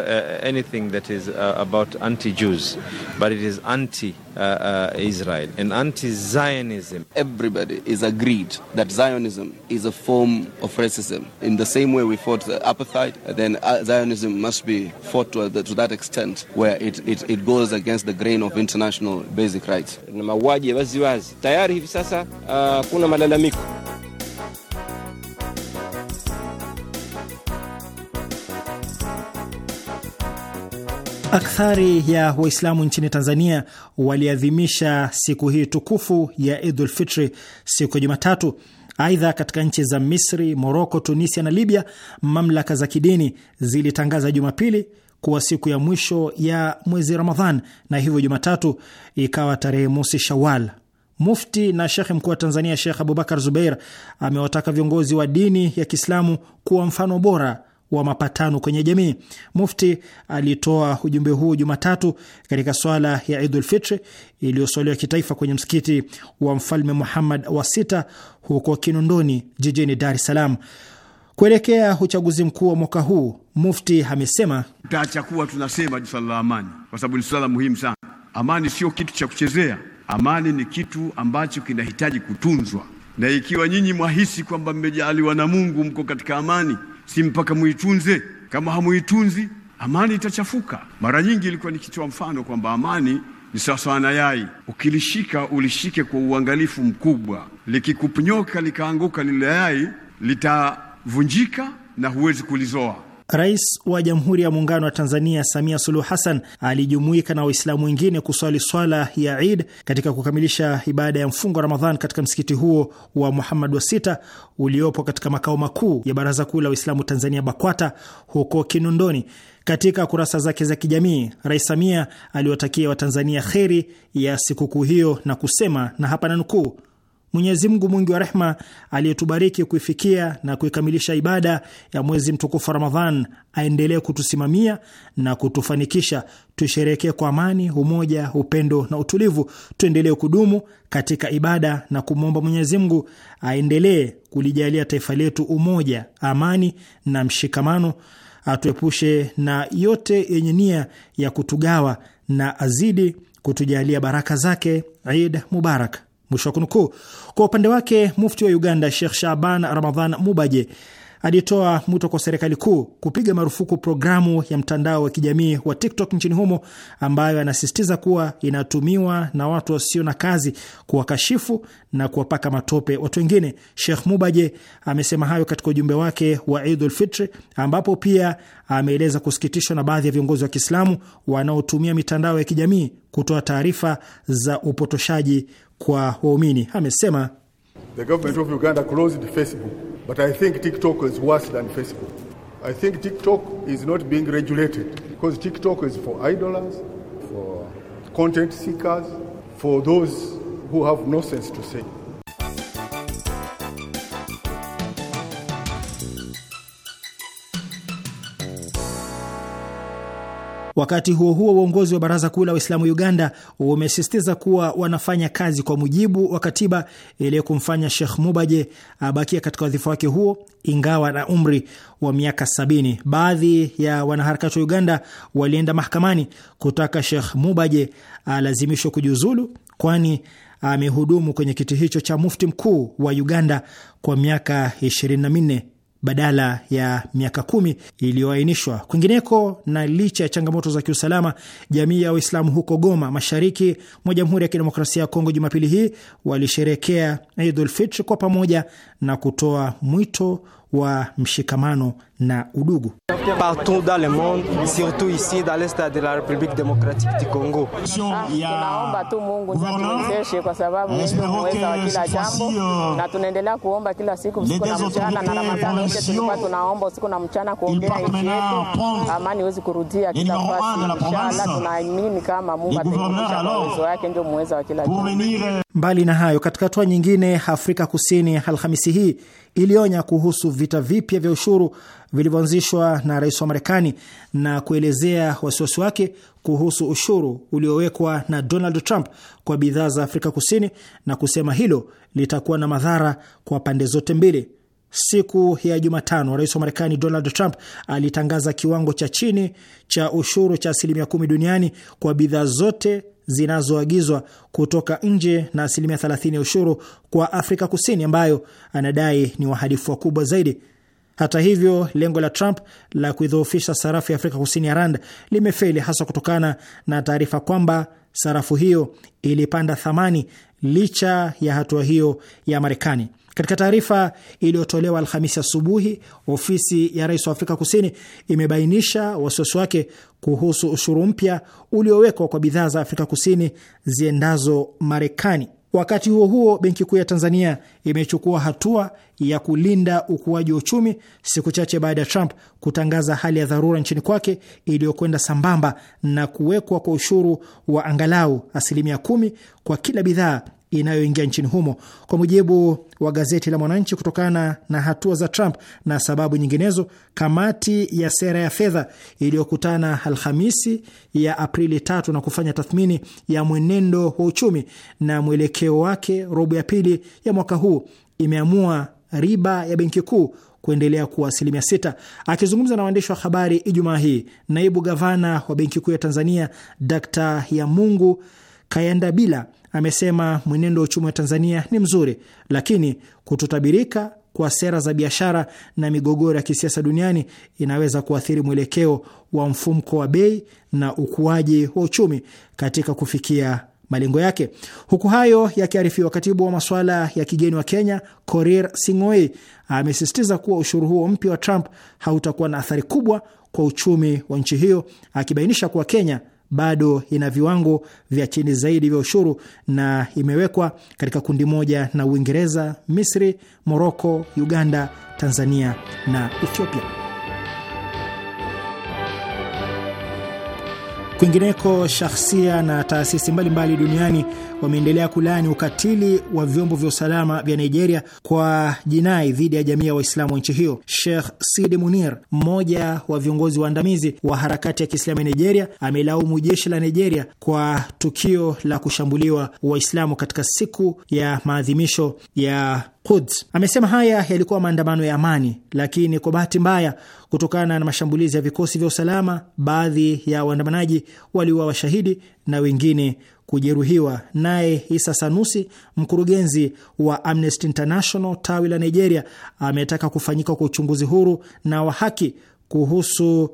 anything that is uh, about anti-Jews but it is anti uh, uh, Israel and anti-Zionism. Everybody is agreed that Zionism is a form of racism. In the same way we fought the apartheid, then uh, Zionism must be fought to, to that extent where it, it, it goes against the grain of international international basic rights, na mauaji ya waziwazi tayari hivi sasa. Uh, kuna malalamiko Akthari ya Waislamu nchini Tanzania waliadhimisha siku hii tukufu ya Idul Fitri siku ya Jumatatu. Aidha, katika nchi za Misri, Moroko, Tunisia na Libya, mamlaka za kidini zilitangaza Jumapili kuwa siku ya mwisho ya mwezi Ramadhan na hivyo Jumatatu ikawa tarehe mosi Shawal. Mufti na shekhe mkuu wa Tanzania Shekh Abubakar Zubeir amewataka viongozi wa dini ya Kiislamu kuwa mfano bora wa mapatano kwenye jamii. Mufti alitoa ujumbe huu Jumatatu katika swala ya Idul Fitri iliyosolewa kitaifa kwenye msikiti wa Mfalme Muhammad wa sita huko Kinondoni jijini Dar es Salaam. Kuelekea uchaguzi mkuu wa mwaka huu, Mufti amesema tutaacha kuwa tunasema swala la amani, kwa sababu ni swala muhimu sana. Amani sio kitu cha kuchezea. Amani ni kitu ambacho kinahitaji kutunzwa, na ikiwa nyinyi mwahisi kwamba mmejaaliwa na Mungu mko katika amani, si mpaka muitunze. Kama hamuitunzi amani itachafuka. Mara nyingi ilikuwa nikitoa mfano kwamba amani ni sawasawa na yai, ukilishika ulishike kwa uangalifu mkubwa, likikupunyoka likaanguka lile yai lita vunjika na huwezi kulizoa. Rais wa Jamhuri ya Muungano wa Tanzania Samia Suluhu Hassan alijumuika na Waislamu wengine kuswali swala ya Id katika kukamilisha ibada ya mfungo wa Ramadhan katika msikiti huo wa Muhammad wa Sita uliopo katika makao makuu ya Baraza Kuu la Waislamu Tanzania BAKWATA huko Kinondoni. Katika kurasa zake za kijamii, Rais Samia aliwatakia Watanzania kheri ya sikukuu hiyo na kusema, na hapa nanukuu Mwenyezi Mungu mwingi wa rehma aliyetubariki kuifikia na kuikamilisha ibada ya mwezi mtukufu Ramadhan aendelee kutusimamia na kutufanikisha tusherekee kwa amani, umoja, upendo na utulivu. Tuendelee kudumu katika ibada na kumwomba Mwenyezi Mungu aendelee kulijalia taifa letu umoja, amani na mshikamano, atuepushe na yote yenye nia ya kutugawa na azidi kutujalia baraka zake. Eid Mubarak. Mwisho wa kunukuu. Kwa upande wake mufti wa Uganda Sheikh Shaban Ramadhan Mubaje alitoa mwito kwa serikali kuu kupiga marufuku programu ya mtandao wa kijamii wa TikTok nchini humo, ambayo anasisitiza kuwa inatumiwa na watu wasio na kazi kuwakashifu na kuwapaka matope watu wengine. Sheikh Mubaje amesema hayo katika ujumbe wake wa Idul Fitri, ambapo pia ameeleza kusikitishwa na baadhi ya viongozi wa Kiislamu wanaotumia mitandao ya kijamii kutoa taarifa za upotoshaji kwa waumini. Amesema The government of Uganda closed Facebook, but I think TikTok is worse than Facebook. I think TikTok is not being regulated because TikTok is for idlers, for content seekers, for those who have nonsense to say. Wakati huo huo, uongozi wa Baraza Kuu la Waislamu Uganda umesisitiza kuwa wanafanya kazi kwa mujibu wa katiba iliyokumfanya shekh Mubaje abakia katika wadhifa wake huo ingawa na umri wa miaka sabini. Baadhi ya wanaharakati wa Uganda walienda mahakamani kutaka shekh Mubaje alazimishwe kujiuzulu, kwani amehudumu kwenye kiti hicho cha mufti mkuu wa Uganda kwa miaka 24 badala ya miaka kumi iliyoainishwa. Kwingineko, na licha ya changamoto za kiusalama, jamii ya Waislamu huko Goma, mashariki mwa Jamhuri ya Kidemokrasia ya Kongo, Jumapili hii walisherekea Idul Fitri kwa pamoja na kutoa mwito wa mshikamano na udugu. Partout dans le monde, surtout ici dans l'est de la République démocratique du Congo. Tunaomba tu Mungu tuwezeshe kwa sababu kila jambo, euh, na tunaendelea kuomba kila siku usiku na mchana, na Ramadhani yote tulikuwa tunaomba usiku na mchana kuombea nchi yetu, amani iweze kurudia kila wakati. Inshallah, tunaamini kama Mungu uwezo wake, ndio muweza wa kila jambo. Euh, Mbali na hayo, katika hatua nyingine, Afrika Kusini Alhamisi hii ilionya kuhusu vita vipya vya ushuru vilivyoanzishwa na rais wa Marekani na kuelezea wasiwasi wake kuhusu ushuru uliowekwa na Donald Trump kwa bidhaa za Afrika Kusini na kusema hilo litakuwa na madhara kwa pande zote mbili. Siku ya Jumatano, rais wa Marekani Donald Trump alitangaza kiwango cha chini cha ushuru cha asilimia kumi duniani kwa bidhaa zote zinazoagizwa kutoka nje na asilimia 30 ya ushuru kwa Afrika Kusini ambayo anadai ni wahadifu wakubwa zaidi. Hata hivyo, lengo la Trump la kuidhoofisha sarafu ya Afrika Kusini ya rand limefeli hasa kutokana na taarifa kwamba sarafu hiyo ilipanda thamani licha ya hatua hiyo ya Marekani. Katika taarifa iliyotolewa Alhamisi asubuhi, ofisi ya rais wa Afrika Kusini imebainisha wasiwasi wake kuhusu ushuru mpya uliowekwa kwa bidhaa za Afrika Kusini ziendazo Marekani. Wakati huo huo, Benki Kuu ya Tanzania imechukua hatua ya kulinda ukuaji wa uchumi siku chache baada ya Trump kutangaza hali ya dharura nchini kwake iliyokwenda sambamba na kuwekwa kwa ushuru wa angalau asilimia kumi kwa kila bidhaa inayoingia nchini humo, kwa mujibu wa gazeti la Mwananchi. Kutokana na hatua za Trump na sababu nyinginezo, kamati ya sera ya fedha iliyokutana Alhamisi ya Aprili tatu na kufanya tathmini ya mwenendo wa uchumi na mwelekeo wake robo ya pili ya mwaka huu imeamua riba ya benki kuu kuendelea kuwa asilimia sita. Akizungumza na waandishi wa habari Ijumaa hii, naibu gavana wa benki kuu ya Tanzania Dkt. Yamungu Kayandabila amesema mwenendo wa uchumi wa Tanzania ni mzuri, lakini kutotabirika kwa sera za biashara na migogoro ya kisiasa duniani inaweza kuathiri mwelekeo wa mfumko wa bei na ukuaji wa uchumi katika kufikia malengo yake. Huku hayo yakiarifiwa, katibu wa masuala ya kigeni wa Kenya Korir Sing'oei amesisitiza kuwa ushuru huo mpya wa Trump hautakuwa na athari kubwa kwa uchumi wa nchi hiyo, akibainisha kuwa Kenya bado ina viwango vya chini zaidi vya ushuru na imewekwa katika kundi moja na Uingereza, Misri, Moroko, Uganda, Tanzania na Ethiopia. Kwingineko, shahsia na taasisi mbalimbali mbali duniani wameendelea kulaani ukatili wa vyombo vya usalama vya Nigeria kwa jinai dhidi ya jamii ya Waislamu wa nchi hiyo. Sheikh Sidi Munir, mmoja wa viongozi waandamizi wa harakati ya Kiislamu ya Nigeria, amelaumu jeshi la Nigeria kwa tukio la kushambuliwa Waislamu katika siku ya maadhimisho ya Hud Amesema haya yalikuwa maandamano ya amani, lakini kwa bahati mbaya, kutokana na mashambulizi ya vikosi vya usalama, baadhi ya waandamanaji waliuawa washahidi na wengine kujeruhiwa. Naye Isa Sanusi, mkurugenzi wa Amnesty International tawi la Nigeria, ametaka kufanyika kwa uchunguzi huru na wa haki kuhusu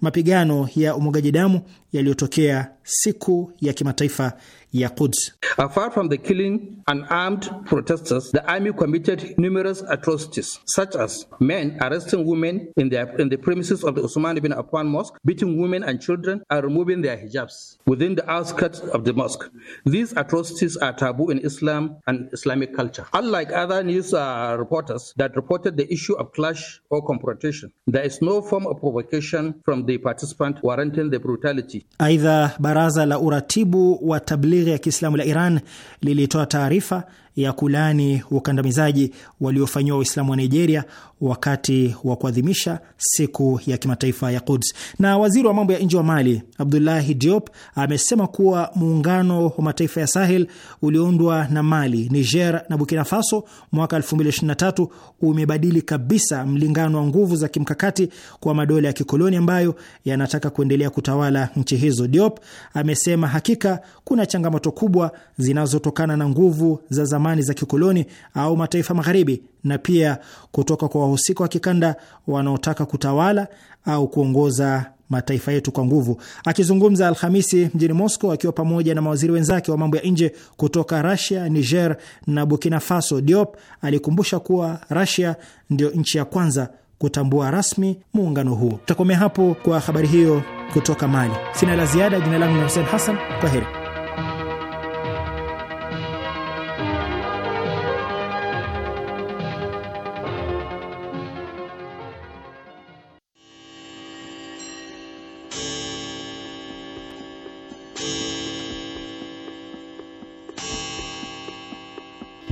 mapigano ya umwagaji damu yaliyotokea siku ya kimataifa Yakutsk. Apart from the killing unarmed protesters, the army committed numerous atrocities, such as men arresting women in, their, in the premises of the Usman ibn Affan mosque, beating women and children, and removing their hijabs within the outskirts of the mosque. These atrocities are taboo in Islam and Islamic culture. Unlike other news uh, reporters that reported the issue of clash or confrontation, there is no form of provocation from the participant warranting the brutality. Either baraza la uratibu wa tablighi Hariri ya Kiislamu la Iran lilitoa taarifa ya kulani ukandamizaji waliofanyiwa Waislamu wa Nigeria wakati wa kuadhimisha siku ya kimataifa ya Quds. Na waziri wa mambo ya nje wa Mali Abdullahi Diop amesema kuwa muungano wa mataifa ya Sahel ulioundwa na Mali, Niger na Burkina Faso mwaka 2023 umebadili kabisa mlingano wa nguvu za kimkakati kwa madola ya kikoloni ambayo yanataka kuendelea kutawala nchi hizo. Diop amesema hakika kuna changamoto kubwa zinazotokana na nguvu za zamani za kikoloni au mataifa magharibi, na pia kutoka kwa wahusika wa kikanda wanaotaka kutawala au kuongoza mataifa yetu kwa nguvu. Akizungumza Alhamisi mjini Moscow akiwa pamoja na mawaziri wenzake wa mambo ya nje kutoka rasia Niger na Burkina Faso, Diop alikumbusha kuwa rasia ndio nchi ya kwanza kutambua rasmi muungano huo. Tutakomea hapo kwa habari hiyo kutoka Mali. Sina la ziada. Jina langu ni Hussein Hassan, kwa heri.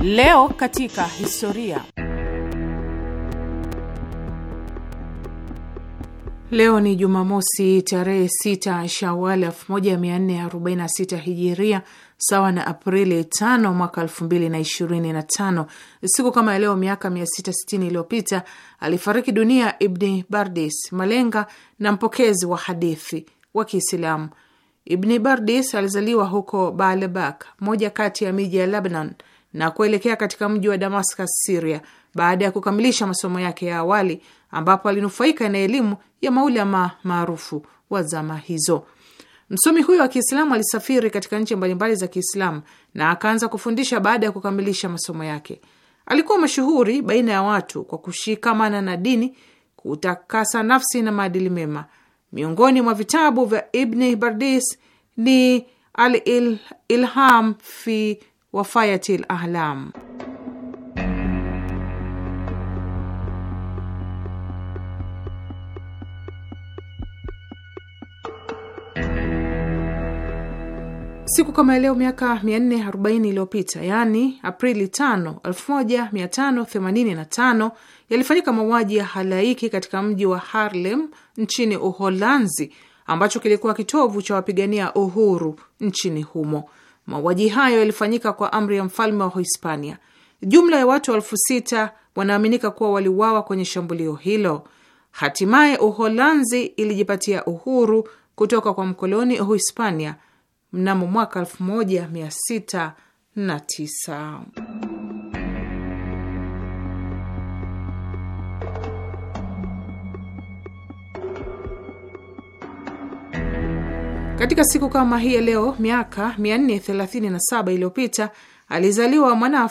Leo katika historia. Leo ni Jumamosi tarehe 6 Shawal 1446 Hijiria, sawa na Aprili 5 mwaka 2025. Siku kama leo miaka 660 iliyopita alifariki dunia Ibni Bardis, malenga na mpokezi wa hadithi wa Kiislamu. Ibni Bardis alizaliwa huko baalebak moja kati ya miji ya Lebanon, na kuelekea katika mji wa Damascus, Syria, baada ya kukamilisha masomo yake ya awali, ambapo alinufaika na elimu ya maulama maarufu wa zama hizo. Msomi huyo wa Kiislamu alisafiri katika nchi mbalimbali za Kiislamu na akaanza kufundisha baada ya kukamilisha masomo yake. Alikuwa mashuhuri baina ya watu kwa kushikamana na dini, kutakasa nafsi na maadili mema. Miongoni mwa vitabu vya Ibni Bardis ni Al-Ilham fi wa Fayatil Ahlam. Siku kama leo miaka 440 iliyopita, yaani Aprili 5, 1585 yalifanyika mauaji ya halaiki katika mji wa Harlem nchini Uholanzi, ambacho kilikuwa kitovu cha wapigania uhuru nchini humo. Mauaji hayo yalifanyika kwa amri ya mfalme wa Hispania. Jumla ya watu elfu sita wanaaminika kuwa waliuawa kwenye shambulio hilo. Hatimaye Uholanzi ilijipatia uhuru kutoka kwa mkoloni Uhispania mnamo mwaka 1609. Katika siku kama hii ya leo miaka 437 iliyopita alizaliwa mwana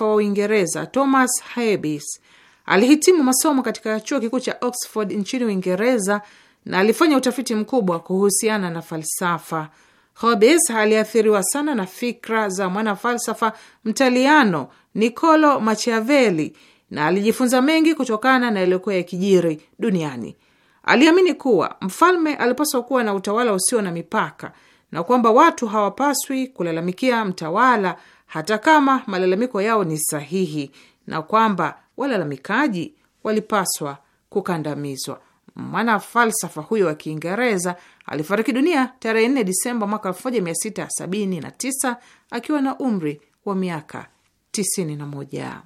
wa Uingereza Thomas Hobbes. Alihitimu masomo katika chuo kikuu cha Oxford nchini Uingereza na alifanya utafiti mkubwa kuhusiana na falsafa. Hobbes aliathiriwa sana na fikra za mwanafalsafa mtaliano Niccolo Machiavelli na alijifunza mengi kutokana na yaliyokuwa kijiri duniani. Aliamini kuwa mfalme alipaswa kuwa na utawala usio na mipaka na kwamba watu hawapaswi kulalamikia mtawala hata kama malalamiko yao ni sahihi na kwamba walalamikaji walipaswa kukandamizwa. Mwana falsafa huyo wa Kiingereza alifariki dunia tarehe 4 Disemba mwaka 1679 akiwa na umri wa miaka 91.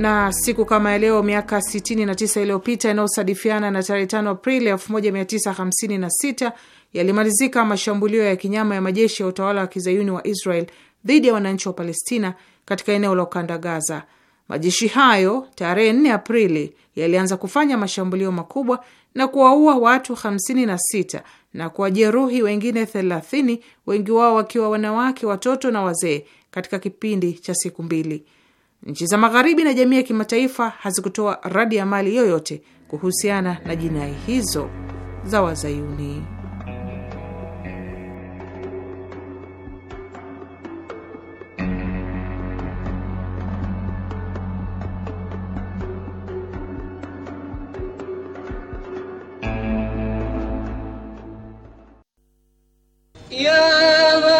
na siku kama leo miaka 69 iliyopita inayosadifiana na tarehe 5 Aprili 1956 yalimalizika mashambulio ya kinyama ya majeshi ya utawala wa kizayuni wa Israel dhidi ya wananchi wa Palestina katika eneo la ukanda Gaza. Majeshi hayo tarehe 4 Aprili yalianza kufanya mashambulio makubwa na kuwaua watu 56 na kuwajeruhi wengine 30, wengi wao wakiwa wanawake, watoto na wazee katika kipindi cha siku mbili. Nchi za Magharibi na jamii ya kimataifa hazikutoa radi ya mali yoyote kuhusiana na jinai hizo za Wazayuni. Ya